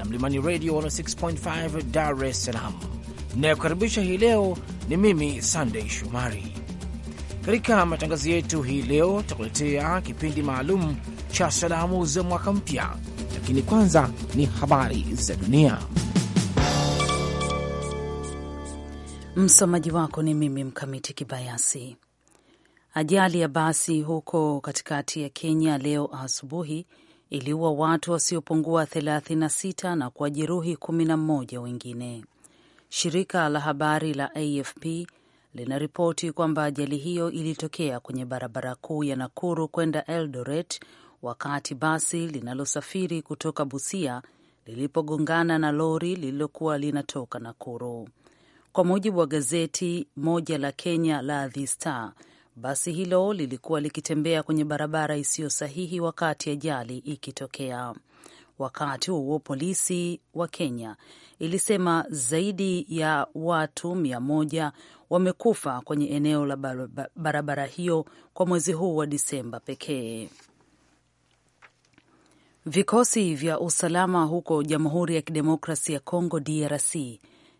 na Mlimani Radio 106.5 Dar es Salaam. Inayokaribisha hii leo ni mimi Sandei Shumari. Katika matangazo yetu hii leo tutakuletea kipindi maalum cha salamu za mwaka mpya, lakini kwanza ni habari za dunia. Msomaji wako ni mimi Mkamiti Kibayasi. Ajali ya basi huko katikati ya Kenya leo asubuhi iliua watu wasiopungua 36 na kuwajeruhi 11 wengine. Shirika la habari la AFP linaripoti kwamba ajali hiyo ilitokea kwenye barabara kuu ya Nakuru kwenda Eldoret wakati basi linalosafiri kutoka Busia lilipogongana na lori lililokuwa linatoka Nakuru. Kwa mujibu wa gazeti moja la Kenya la The Star, basi hilo lilikuwa likitembea kwenye barabara isiyo sahihi wakati ajali ikitokea. Wakati huo polisi wa Kenya ilisema zaidi ya watu mia moja wamekufa kwenye eneo la barabara hiyo kwa mwezi huu wa Disemba pekee. Vikosi vya usalama huko Jamhuri ya Kidemokrasi ya Kongo DRC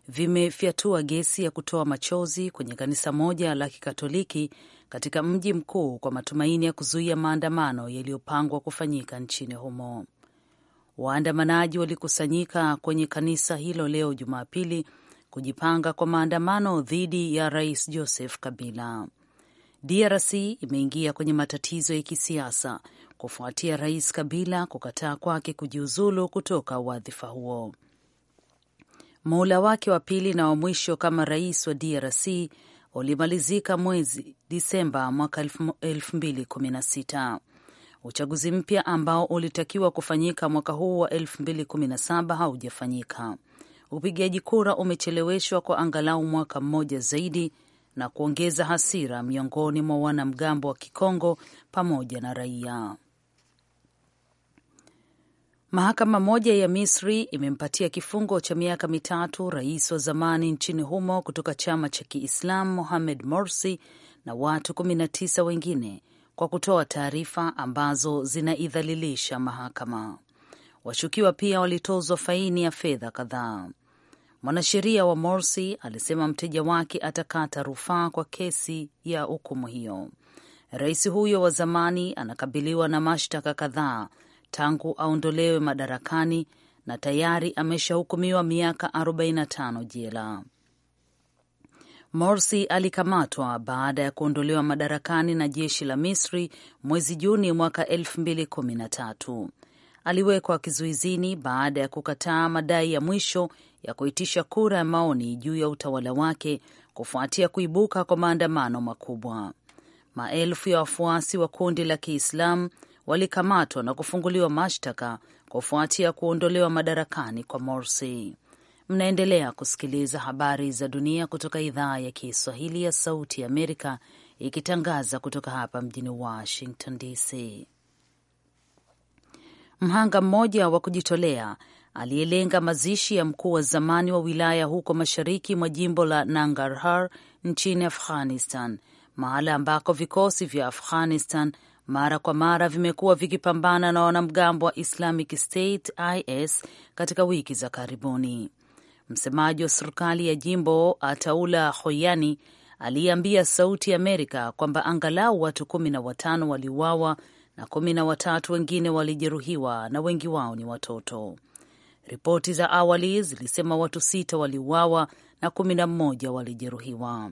vimefyatua gesi ya kutoa machozi kwenye kanisa moja la Kikatoliki katika mji mkuu kwa matumaini ya kuzuia maandamano yaliyopangwa kufanyika nchini humo. Waandamanaji walikusanyika kwenye kanisa hilo leo Jumapili kujipanga kwa maandamano dhidi ya Rais Joseph Kabila. DRC imeingia kwenye matatizo ya kisiasa kufuatia Rais Kabila kukataa kwake kujiuzulu kutoka wadhifa huo. Muhula wake wa pili na wa mwisho kama rais wa DRC ulimalizika mwezi Disemba mwaka 2016. Uchaguzi mpya ambao ulitakiwa kufanyika mwaka huu wa 2017 haujafanyika. Upigaji kura umecheleweshwa kwa angalau mwaka mmoja zaidi na kuongeza hasira miongoni mwa wanamgambo wa Kikongo pamoja na raia. Mahakama moja ya Misri imempatia kifungo cha miaka mitatu rais wa zamani nchini humo kutoka chama cha Kiislam Mohamed Morsi na watu 19 wengine kwa kutoa taarifa ambazo zinaidhalilisha mahakama. Washukiwa pia walitozwa faini ya fedha kadhaa. Mwanasheria wa Morsi alisema mteja wake atakata rufaa kwa kesi ya hukumu hiyo. Rais huyo wa zamani anakabiliwa na mashtaka kadhaa tangu aondolewe madarakani na tayari ameshahukumiwa miaka 45 jela. Morsi alikamatwa baada ya kuondolewa madarakani na jeshi la Misri mwezi Juni mwaka 2013. Aliwekwa kizuizini baada ya kukataa madai ya mwisho ya kuitisha kura ya maoni juu ya utawala wake kufuatia kuibuka kwa maandamano makubwa. Maelfu ya wafuasi wa kundi la Kiislamu walikamatwa na kufunguliwa mashtaka kufuatia kuondolewa madarakani kwa Morsi. Mnaendelea kusikiliza habari za dunia kutoka idhaa ya Kiswahili ya Sauti ya Amerika ikitangaza kutoka hapa mjini Washington DC. Mhanga mmoja wa kujitolea aliyelenga mazishi ya mkuu wa zamani wa wilaya huko mashariki mwa jimbo la Nangarhar nchini Afghanistan, mahala ambako vikosi vya Afghanistan mara kwa mara vimekuwa vikipambana na wanamgambo wa Islamic State IS katika wiki za karibuni. Msemaji wa serikali ya jimbo Ataula Hoyani aliyeambia Sauti ya Amerika kwamba angalau watu kumi na watano waliuawa na kumi na watatu wengine walijeruhiwa na wengi wao ni watoto. Ripoti za awali zilisema watu sita waliuawa na kumi na mmoja walijeruhiwa.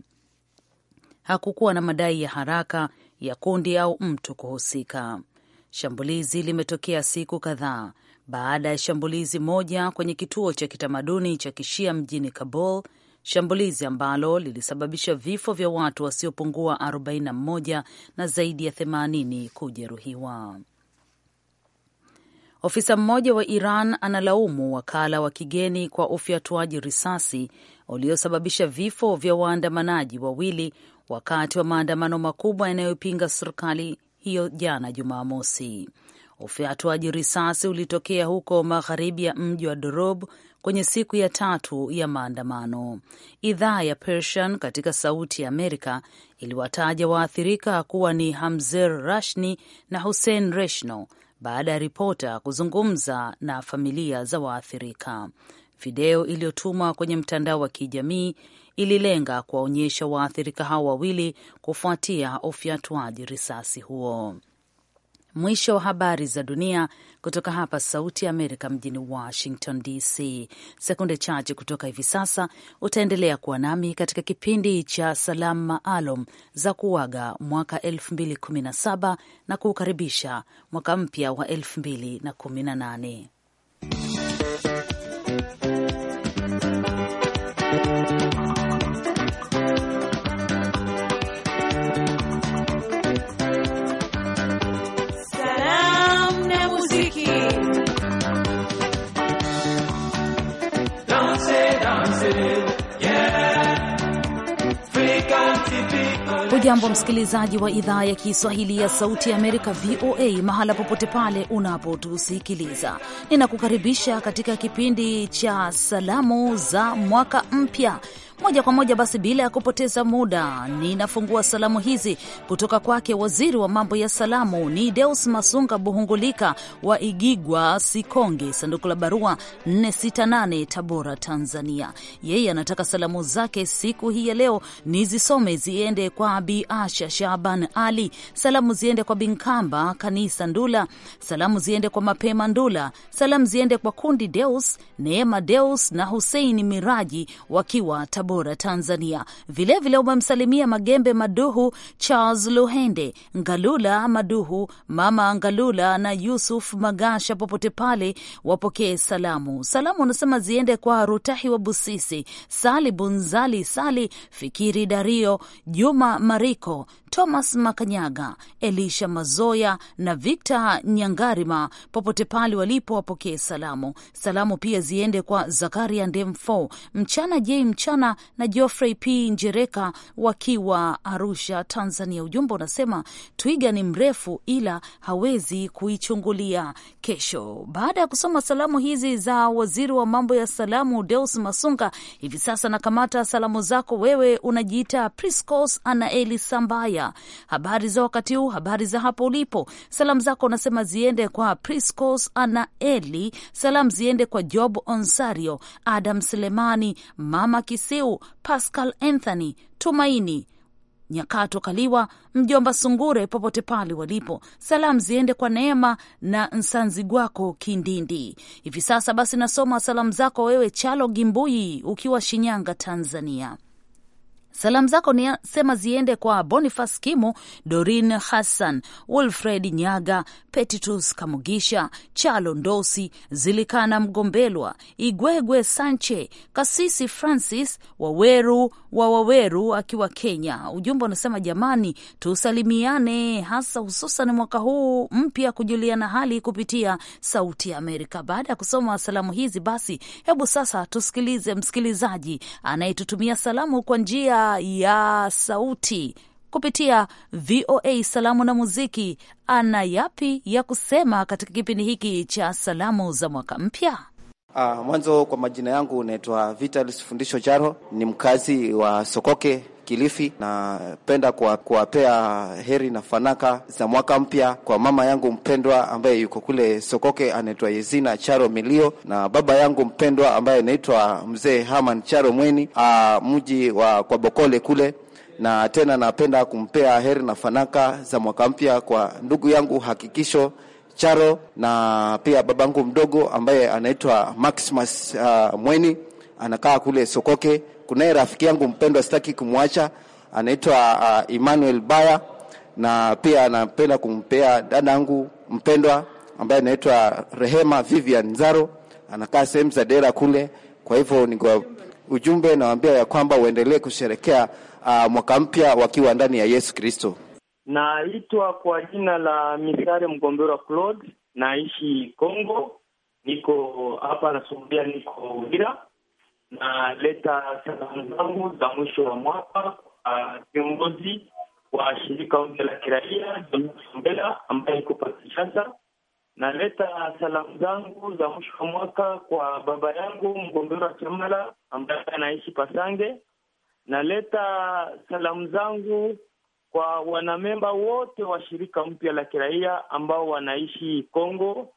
Hakukuwa na madai ya haraka ya kundi au mtu kuhusika. Shambulizi limetokea siku kadhaa baada ya shambulizi moja kwenye kituo cha kitamaduni cha Kishia mjini Kabul, shambulizi ambalo lilisababisha vifo vya watu wasiopungua 41 na zaidi ya 80 kujeruhiwa. Ofisa mmoja wa Iran analaumu wakala wa kigeni kwa ufyatuaji risasi uliosababisha vifo vya waandamanaji wawili wakati wa maandamano makubwa yanayopinga serikali hiyo jana Jumamosi. Ufyatuaji risasi ulitokea huko magharibi ya mji wa Dorob kwenye siku ya tatu ya maandamano. Idhaa ya Persian katika Sauti ya Amerika iliwataja waathirika kuwa ni Hamzer Rashni na Hussein Reshno baada ya ripota kuzungumza na familia za waathirika. Video iliyotumwa kwenye mtandao wa kijamii ililenga kuwaonyesha waathirika hao wawili kufuatia ufyatuaji risasi huo. Mwisho wa habari za dunia kutoka hapa Sauti ya Amerika mjini Washington DC. Sekunde chache kutoka hivi sasa utaendelea kuwa nami katika kipindi cha salamu maalum za kuaga mwaka 2017 na kuukaribisha mwaka mpya wa 2018. Hujambo msikilizaji wa idhaa ya Kiswahili ya Sauti ya Amerika, VOA, mahala popote pale unapotusikiliza, ninakukaribisha katika kipindi cha salamu za mwaka mpya moja kwa moja basi, bila ya kupoteza muda, ninafungua salamu hizi kutoka kwake waziri wa mambo ya salamu ni Deus Masunga Buhungulika wa Igigwa Sikonge, sanduku la barua 468 Tabora, Tanzania. Yeye anataka salamu zake siku hii ya leo nizisome, ziende kwa Bi Asha Shaban Ali, salamu ziende kwa Binkamba Kanisa Ndula, salamu ziende kwa Mapema Ndula, salamu ziende kwa Kundi Deus, Neema Deus na Husein Miraji wakiwa Tabora. Tabora, Tanzania. Vilevile umemsalimia Magembe Maduhu, Charles Luhende, Ngalula Maduhu, Mama Ngalula na Yusuf Magasha, popote pale wapokee salamu. Salamu unasema ziende kwa Rutahi wa Busisi, Sali Bunzali, Sali Fikiri, Dario Juma Mariko Thomas Makanyaga, Elisha Mazoya na Victor Nyangarima, popote pale walipo, wapokee salamu. Salamu pia ziende kwa Zakaria Ndemfo, Mchana J Mchana na Geoffrey P Njereka wakiwa Arusha, Tanzania. Ujumbe unasema twiga ni mrefu ila hawezi kuichungulia kesho. Baada ya kusoma salamu hizi za waziri wa mambo ya salamu Deus Masunga, hivi sasa nakamata salamu zako wewe, unajiita Priscos Anaeli Sambaya Tanzania. Habari za wakati huu, habari za hapo ulipo. Salamu zako unasema ziende kwa Priscos Eli, salamu ziende kwa Job Onsario, Adam Selemani, Mama Kisiu, Pascal Anthony, Tumaini Nyakato Kaliwa, mjomba Sungure, popote pale walipo. Salamu ziende kwa Neema na gwako Kindindi. Hivi sasa basi, nasoma salamu zako wewe, Chalo Gimbui, ukiwa Shinyanga, Tanzania. Salamu zako ni sema ziende kwa bonifas Kimu, Dorin Hassan, Wilfred Nyaga, Petitus Kamugisha, Chalo Ndosi, Zilikana Mgombelwa, Igwegwe Sanche, Kasisi Francis Waweru wa Waweru akiwa Kenya. Ujumbe unasema jamani, tusalimiane hasa hususan mwaka huu mpya, kujuliana hali kupitia Sauti ya Amerika. Baada ya kusoma salamu hizi, basi hebu sasa tusikilize msikilizaji anayetutumia salamu kwa njia ya sauti kupitia VOA Salamu na Muziki. Ana yapi ya kusema katika kipindi hiki cha salamu za mwaka mpya? Ah, mwanzo kwa majina yangu unaitwa Vitalis Fundisho Jaro, ni mkazi wa Sokoke Kilifi. Napenda kuwapea heri na fanaka za mwaka mpya kwa mama yangu mpendwa ambaye yuko kule Sokoke, anaitwa Yezina Charo Milio, na baba yangu mpendwa ambaye anaitwa Mzee Haman Charo Mweni, mji wa kwa Bokole kule na tena napenda kumpea heri na fanaka za mwaka mpya kwa ndugu yangu Hakikisho Charo na pia babangu mdogo ambaye anaitwa Maximus uh, Mweni anakaa kule Sokoke. Kunaye rafiki yangu mpendwa, sitaki kumwacha, anaitwa uh, Emmanuel Baya, na pia anapenda kumpea dadangu mpendwa ambaye anaitwa Rehema Vivian Nzaro, anakaa sehemu za Dera kule. Kwa hivyo ni kwa ujumbe nawaambia ya kwamba uendelee kusherekea uh, mwaka mpya wakiwa ndani ya Yesu Kristo. Naitwa kwa jina la Misare Mgombero Claude, naishi Kongo, niko hapa nasumbia, niko Uvira naleta salamu zangu za mwisho wa mwaka kwa viongozi wa shirika mpya la kiraia Sombela ambaye iko pa Kinshasa. Naleta salamu zangu za mwisho wa mwaka kwa baba yangu mgombero wa chamala ambaye anaishi Pasange. Naleta salamu zangu kwa wanamemba wote wa shirika mpya la kiraia ambao wanaishi Kongo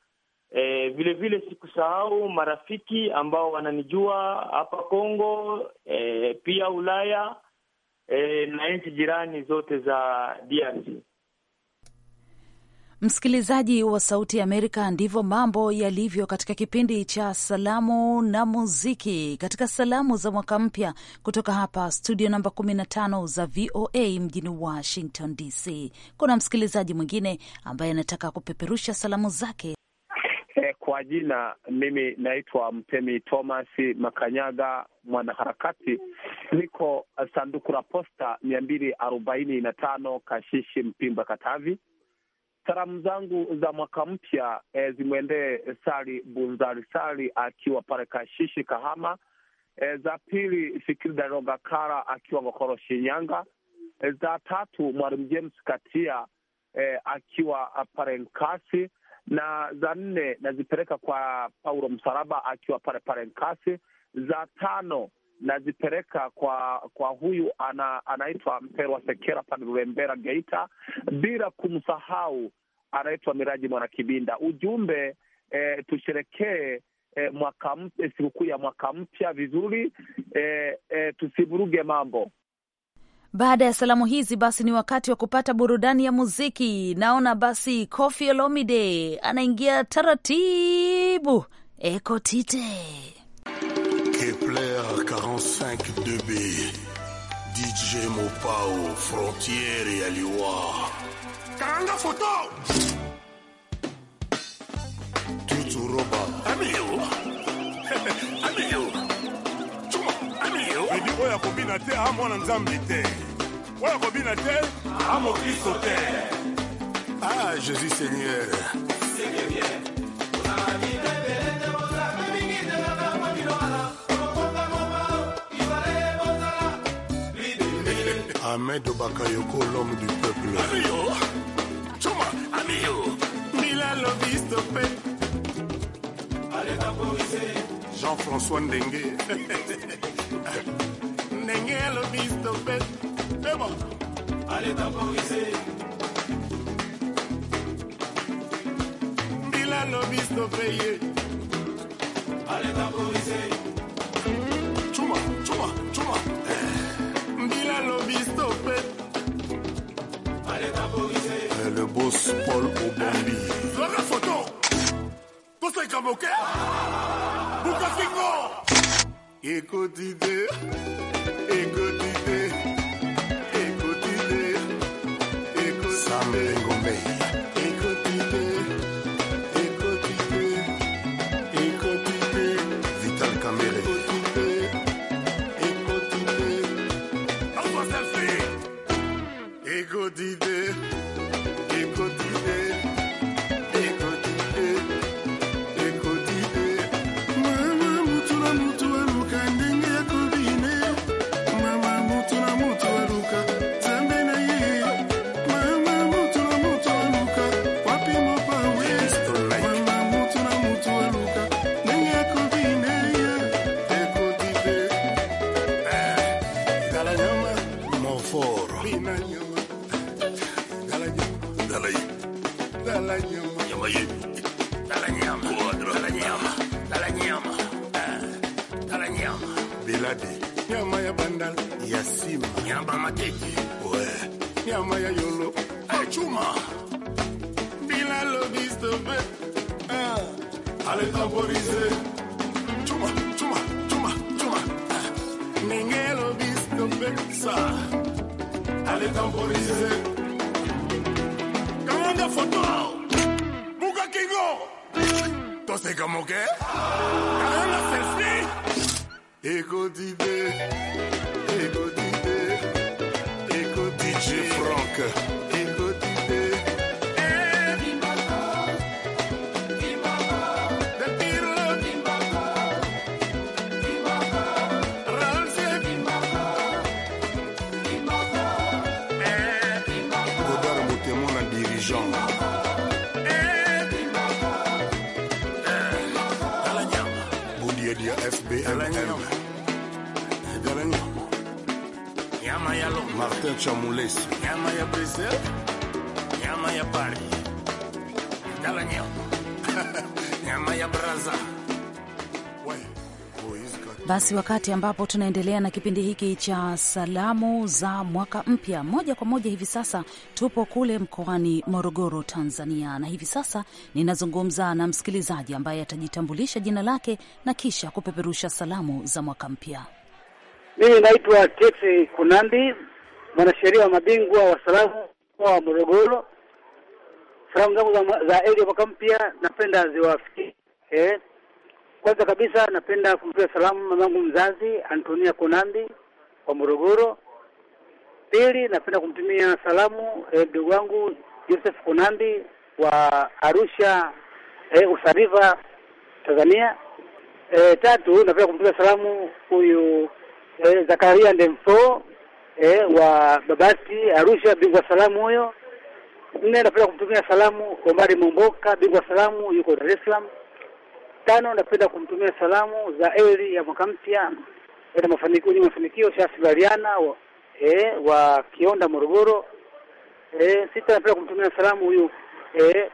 E, vile vile sikusahau marafiki ambao wananijua hapa Kongo, e, pia Ulaya e, na nchi jirani zote za DRC. Msikilizaji wa Sauti ya Amerika, ndivyo mambo yalivyo katika kipindi cha Salamu na Muziki, katika salamu za mwaka mpya kutoka hapa studio namba 15 za VOA mjini Washington DC. Kuna msikilizaji mwingine ambaye anataka kupeperusha salamu zake. Kwa jina mimi naitwa Mtemi Thomas Makanyaga, mwanaharakati. Niko sanduku la posta mia mbili arobaini na tano Kashishi Mpimba, Katavi. Salamu zangu za mwaka mpya e, zimwendee Sali Bunzari Sali akiwa pale Kashishi Kahama. E, za pili Fikiri Daroga Kara akiwa Ngokoro Shinyanga. E, eh, za tatu Mwalimu James Katia e, akiwa pale Nkasi na za nne nazipeleka kwa Paulo msaraba akiwa pale pale Nkasi. Za tano nazipeleka kwa kwa huyu ana, anaitwa Mperwa Sekera pale rurembera Geita, bila kumsahau anaitwa Miraji Mwanakibinda. Ujumbe e, tusherekee e, mwaka mpya, sikukuu ya mwaka mpya vizuri e, e, tusivuruge mambo baada ya salamu hizi, basi ni wakati wa kupata burudani ya muziki. Naona basi Koffi Olomide anaingia taratibu, ekotite Kepler 45 2B DJ Mopao Frontiere ya Liwa karanga foto tuturoba amio amio oyo akobina te amwana nzambe te oyo akobina te amokristo te ah jésus seigneur Ahmed Bakayoko, l'homme du peuple. Amiyo, Choma, Amiyo, Milalo Bistope. Allez, Jean-François Ndengue. nengelo visto bet bebo ale tapoise bila no visto peye ale tapoise chuma chuma chuma bila no visto bet ale tapoise le boss Paul Obambi la photo Conseil Kamoke Bukasingo écoutez, écoutez. Ego di te, ego di te, ego di G. Frank. Martin Chamulesi. Nyama ya Brazil, nyama ya Bari, nyama ya braza. Oh, Basi wakati ambapo tunaendelea na kipindi hiki cha salamu za mwaka mpya, moja kwa moja hivi sasa tupo kule mkoani Morogoro, Tanzania, na hivi sasa ninazungumza na msikilizaji ambaye atajitambulisha jina lake na kisha kupeperusha salamu za mwaka mpya. Mimi naitwa Tesi Kunandi, mwanasheria wa mabingwa wa salamu wa Morogoro. Salamu zangu za, za mwaka mpya napenda ziwafikie eh. Kwanza kabisa napenda kumtia salamu mamangu mzazi Antonia Konambi wa Morogoro. Pili napenda kumtumia salamu eh, ndugu eh, wangu Joseph Konambi wa Arusha eh, Usariva Tanzania. Eh, tatu napenda kumtumia salamu huyu eh, Zakaria Ndemfo eh, wa Babati Arusha, bingwa salamu huyo. Nne, napenda kumtumia salamu Omari Momboka, bingwa salamu, yuko Dar es Salaam. Tano, napenda kumtumia salamu za eli ya mwaka mpya na mafanikio, ni mafanikio Shasi Baliana wa, eh, wa Kionda Morogoro. Eh, sita, napenda kumtumia salamu huyu eh,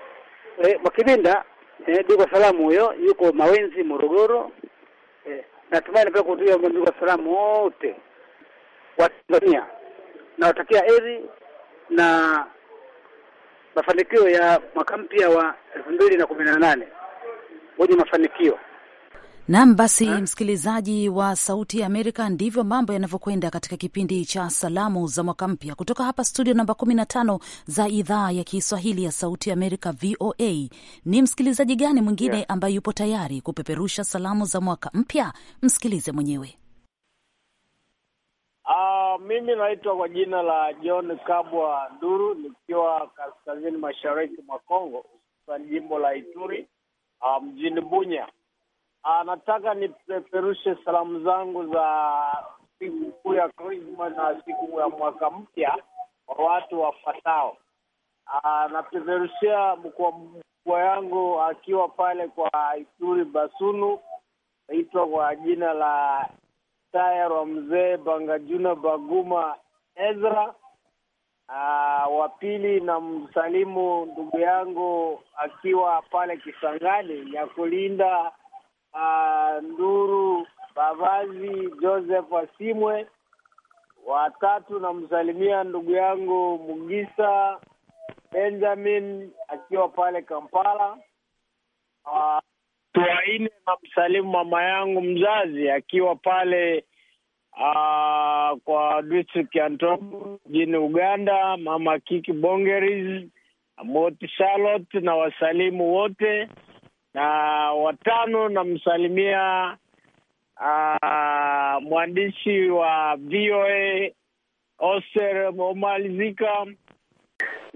eh, Mwakibinda eh, bingwa salamu huyo, yuko Mawenzi Morogoro. Eh, natumai napenda kumtumia bingwa salamu wote wa Tanzania. Nawatakia heri na mafanikio ya mwaka mpya wa elfu mbili na kumi na nane wenye mafanikio. Naam, basi ha? Msikilizaji wa Sauti ya Amerika, ndivyo mambo yanavyokwenda katika kipindi cha salamu za mwaka mpya kutoka hapa studio namba 15 za idhaa ya Kiswahili ya Sauti ya Amerika, VOA. Ni msikilizaji gani mwingine yeah, ambaye yupo tayari kupeperusha salamu za mwaka mpya? Msikilize mwenyewe. Uh, mimi naitwa kwa jina la John Kabwa Nduru nikiwa kaskazini mashariki mwa Kongo hususan jimbo la Ituri uh, mjini Bunya. Uh, ah, nataka nipeperushe salamu zangu za siku kuu ya Krisma na siku ya mwaka mpya kwa watu wafatao Uh, napeperushia mkuu mkubwa yangu akiwa pale kwa Ituri Basunu, naitwa kwa jina la tayari wa mzee Bangajuna Baguma Ezra. Uh, wa pili na msalimu ndugu yangu akiwa pale Kisangani ya kulinda uh, ah, Nduru Bavazi Joseph Asimwe. Watatu namsalimia ndugu yangu Mugisa Benjamin akiwa pale Kampala. Uh, tuwaine na msalimu mama yangu mzazi akiwa pale aa, ah, kwa district ya Ntobo mjini Uganda, mama Kiki Bongeris, Moti Charlotte na wasalimu wote na watano, namsalimia ah, mwandishi wa VOA Oster Omalizika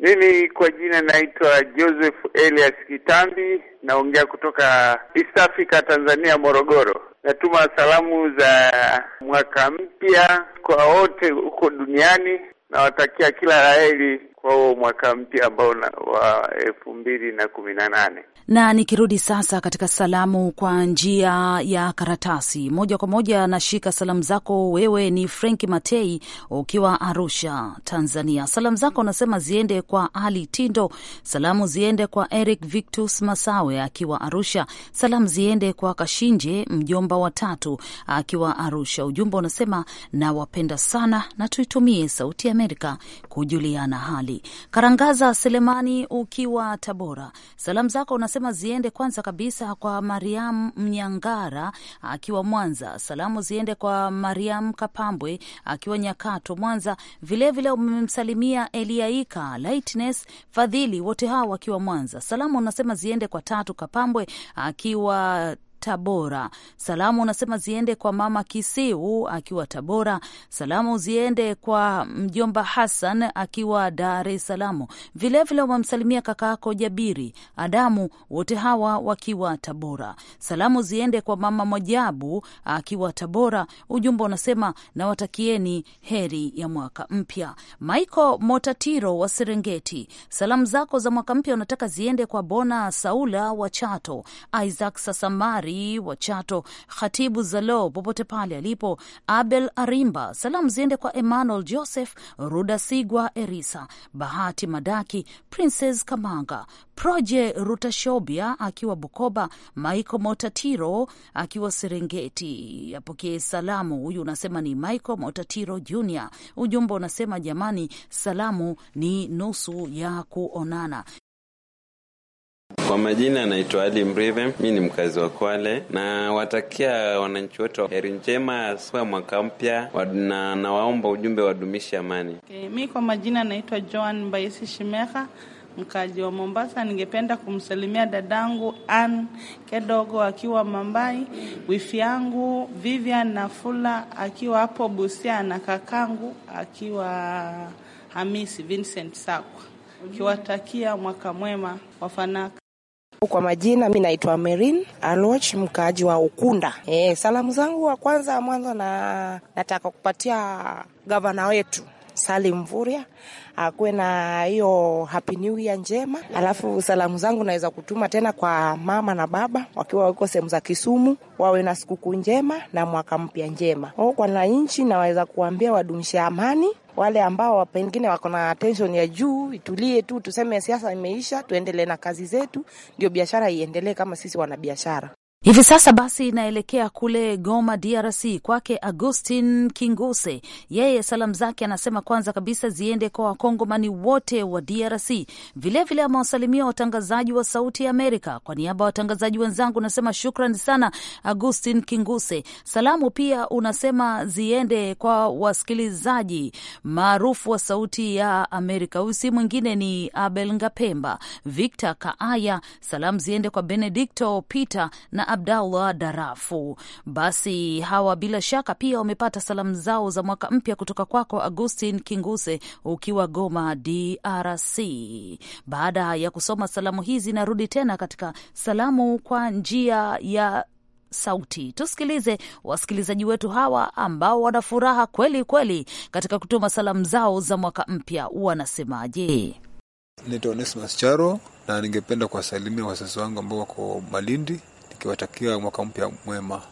mimi kwa jina naitwa Joseph Elias Kitambi, naongea kutoka East Africa, Tanzania, Morogoro. Natuma salamu za mwaka mpya kwa wote huko duniani, nawatakia kila la heri huo mwaka mpya ambao wa elfu mbili na kumi na nane. Na nikirudi sasa katika salamu kwa njia ya karatasi moja kwa moja, nashika salamu zako wewe. Ni Frank Matei ukiwa Arusha, Tanzania. Salamu zako unasema ziende kwa Ali Tindo, salamu ziende kwa Eric Victus Masawe akiwa Arusha, salamu ziende kwa Kashinje mjomba wa tatu akiwa Arusha. Ujumbe unasema nawapenda sana na tuitumie Sauti Amerika kujuliana hali mbalimbali. Karangaza Selemani, ukiwa Tabora, salamu zako unasema ziende kwanza kabisa kwa Mariam Mnyangara akiwa Mwanza. Salamu ziende kwa Mariam Kapambwe akiwa Nyakato, Mwanza. Vilevile umemsalimia Eliaika Lightness Fadhili, wote hao wakiwa Mwanza. Salamu unasema ziende kwa Tatu Kapambwe akiwa Tabora. Salamu unasema ziende kwa mama Kisiu akiwa Tabora. Salamu ziende kwa mjomba Hassan akiwa Dar es Salaam. Vilevile wamemsalimia yako Jabiri Adamu, wote hawa wakiwa Tabora. Salamu ziende kwa mama Mojabu akiwa Tabora. Ujumbe unasema nawatakieni heri ya mwaka mpya. Michael Motatiro wa Serengeti, salamu zako za mwaka mpya unataka ziende kwa Bona Saula wa Chato, Isaac Sasamari Marie wa Chato, Khatibu Zalo popote pale alipo, Abel Arimba. Salamu ziende kwa Emmanuel Joseph Ruda, Sigwa Erisa, Bahati Madaki, Princess Kamanga, Proje Rutashobia akiwa Bukoba, Michael Motatiro akiwa Serengeti apokee salamu. Huyu unasema ni Michael Motatiro Junior. Ujumbe unasema jamani, salamu ni nusu ya kuonana. Kwa majina anaitwa Ali Mrive, mi ni mkazi wa Kwale na watakia wananchi wote heri njema swa mwaka mpya na nawaomba ujumbe wadumishe amani. Okay, mi kwa majina anaitwa Joan Mbaisi Shimeha mkaji wa Mombasa. Ningependa kumsalimia dadangu Ann Kedogo akiwa Mambai, wifi yangu Vivian Nafula akiwa hapo Busia na kakangu akiwa Hamisi Vincent Sakwa, ukiwatakia mwaka mwema wafanaka. Kwa majina mi naitwa Merin Aloch, mkaaji wa Ukunda. E, salamu zangu wa kwanza mwanzo na nataka kupatia gavana wetu Salim Mvurya akuwe na hiyo happy new year njema. Alafu salamu zangu naweza kutuma tena kwa mama na baba wakiwa wako sehemu za Kisumu, wawe na sikukuu njema na mwaka mpya njema. Kwa nanchi naweza kuambia wadumishe amani wale ambao pengine wako na tension ya juu itulie tu, tuseme siasa imeisha, tuendelee na kazi zetu, ndio biashara iendelee kama sisi wanabiashara. Hivi sasa basi inaelekea kule Goma, DRC, kwake Augustin Kinguse. Yeye salamu zake anasema kwanza kabisa ziende kwa wakongomani wote wa DRC. Vilevile amewasalimia watangazaji wa Sauti ya Amerika. Kwa niaba ya watangazaji wenzangu nasema shukran sana, Augustin Kinguse. Salamu pia unasema ziende kwa wasikilizaji maarufu wa Sauti ya Amerika. Huyu si mwingine ni Abel Ngapemba, Victor Kaaya. Salamu ziende kwa Benedicto Peter na Abdallah Darafu. Basi hawa bila shaka pia wamepata salamu zao za mwaka mpya kutoka kwako Agustin Kinguse ukiwa Goma, DRC. Baada ya kusoma salamu hizi, narudi tena katika salamu kwa njia ya sauti tusikilize wasikilizaji wetu hawa ambao wana furaha kweli kweli katika kutuma salamu zao za mwaka mpya wanasemaje? Naitwa Onesimas Charo na ningependa kuwasalimia wazazi wangu ambao wako Malindi tukiwatakia mwaka mpya mwema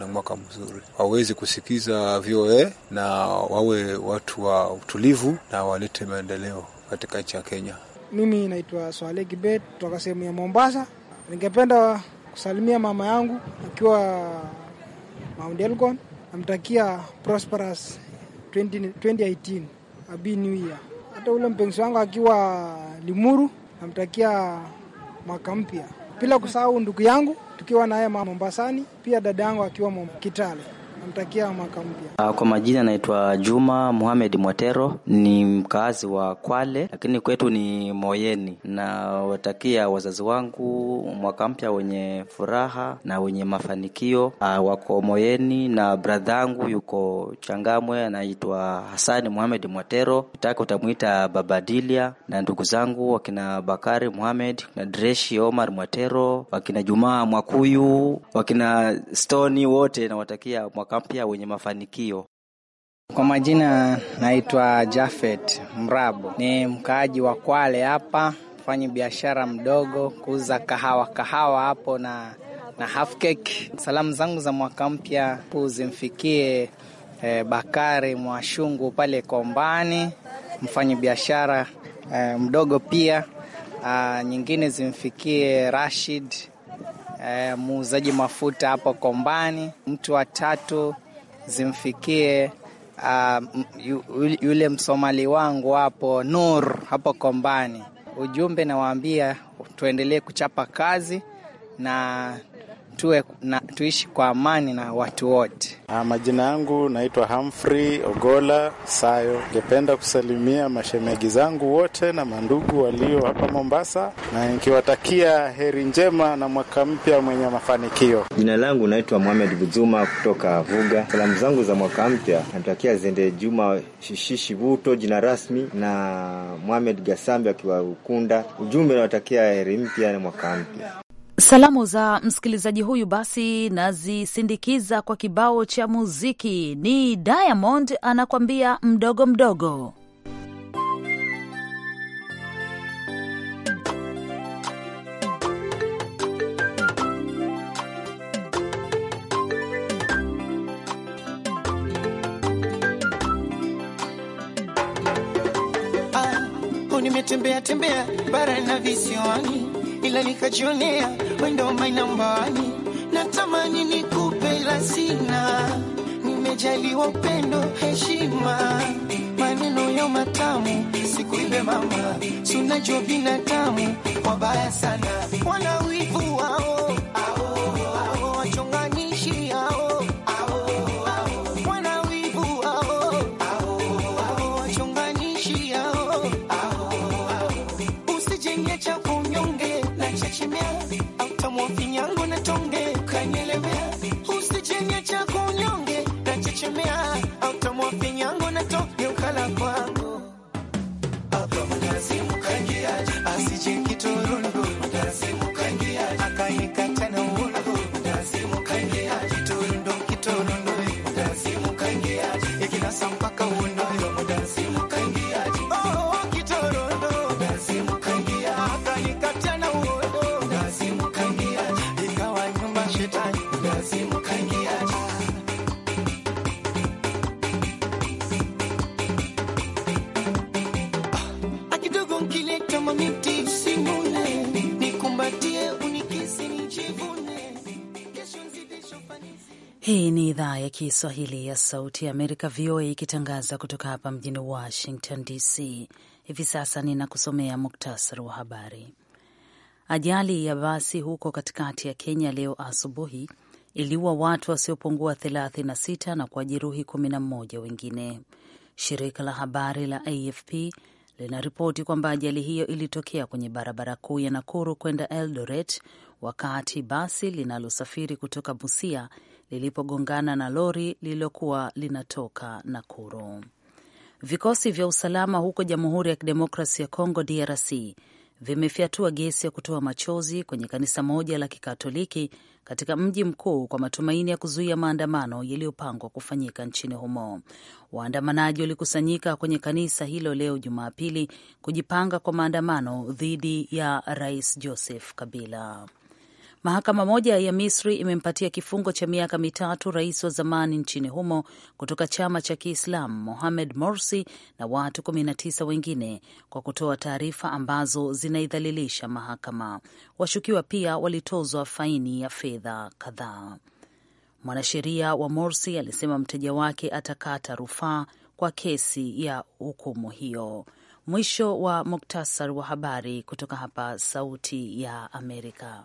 na mwaka mzuri, waweze kusikiza VOA na wawe watu wa utulivu na walete maendeleo katika nchi ya Kenya. Mimi naitwa Swale Kibet kutoka sehemu ya Mombasa. Ningependa kusalimia mama yangu akiwa Mount Elgon, namtakia prosperous 20, 2018 abi new year. Hata ule mpenzi wangu akiwa Limuru namtakia mwaka mpya bila kusahau ndugu yangu tukiwa naye Mombasani, pia dada yangu akiwa Kitale namtakia mwaka mpya. Ah, kwa majina naitwa Juma Muhamed Mwatero, ni mkaazi wa Kwale, lakini kwetu ni Moyeni, na watakia wazazi wangu mwaka mpya wenye furaha na wenye mafanikio. Ah, wako Moyeni na bradhangu yuko Changamwe, anaitwa Hasani Muhamed Mwatero, taka utamwita Babadilia, na ndugu zangu wakina Bakari Muhamed na Dreshi Omar Mwatero, wakina Jumaa Mwakuyu, wakina Stoni, wote nawatakia mwaka mpya wenye mafanikio. Kwa majina naitwa Jafet Mrabo, ni mkaaji wa Kwale hapa, mfanyi biashara mdogo, kuuza kahawa kahawa hapo na na half cake. Salamu zangu za mwaka mpya huu zimfikie e, eh, Bakari Mwashungu pale Kombani, mfanyi biashara e, mdogo pia. a, ah, nyingine zimfikie Rashid eh, muuzaji mafuta hapo Kombani. Mtu wa tatu zimfikie uh, yule Msomali wangu hapo Nur hapo Kombani. Ujumbe nawaambia tuendelee kuchapa kazi na tuwe na, tuishi kwa amani na watu wote. Ah, majina yangu naitwa Humphrey Ogola Sayo. Ningependa kusalimia mashemegi zangu wote na mandugu walio hapa Mombasa, na nikiwatakia heri njema na mwaka mpya mwenye mafanikio. Jina langu naitwa Mohamed Buzuma kutoka Vuga. Salamu zangu za mwaka mpya natakia zende Juma Shishishi Buto, jina rasmi, na Mohamed Gasambi akiwa Ukunda. Ujumbe nawatakia heri mpya na mwaka mpya. Salamu za msikilizaji huyu basi nazisindikiza kwa kibao cha muziki. Ni Diamond anakwambia mdogo mdogo. Ah, nimetembea tembea bara na visiwani ila nikajionea wendo my number one, natamani nikupe lasina Nimejaliwa upendo, heshima, maneno ya matamu, siku ile mama, sunajua binadamu wabaya sana, wana wivu wao Kiswahili ya Sauti ya Amerika, VOA, ikitangaza kutoka hapa mjini Washington DC. Hivi sasa ninakusomea muktasari wa habari. Ajali ya basi huko katikati ya Kenya leo asubuhi iliua watu wasiopungua 36 na kuwajeruhi 11 wengine. Shirika la habari la AFP linaripoti kwamba ajali hiyo ilitokea kwenye barabara kuu ya Nakuru kwenda Eldoret wakati basi linalosafiri kutoka Busia lilipogongana na lori lililokuwa linatoka Nakuru. Vikosi vya usalama huko Jamhuri ya Kidemokrasi ya Kongo, DRC, vimefyatua gesi ya kutoa machozi kwenye kanisa moja la Kikatoliki katika mji mkuu kwa matumaini ya kuzuia maandamano yaliyopangwa kufanyika nchini humo. Waandamanaji walikusanyika kwenye kanisa hilo leo Jumapili kujipanga kwa maandamano dhidi ya Rais Joseph Kabila. Mahakama moja ya Misri imempatia kifungo cha miaka mitatu rais wa zamani nchini humo kutoka chama cha kiislam Mohamed Morsi na watu 19 wengine kwa kutoa taarifa ambazo zinaidhalilisha mahakama. Washukiwa pia walitozwa faini ya fedha kadhaa. Mwanasheria wa Morsi alisema mteja wake atakata rufaa kwa kesi ya hukumu hiyo. Mwisho wa muktasar wa habari kutoka hapa Sauti ya Amerika.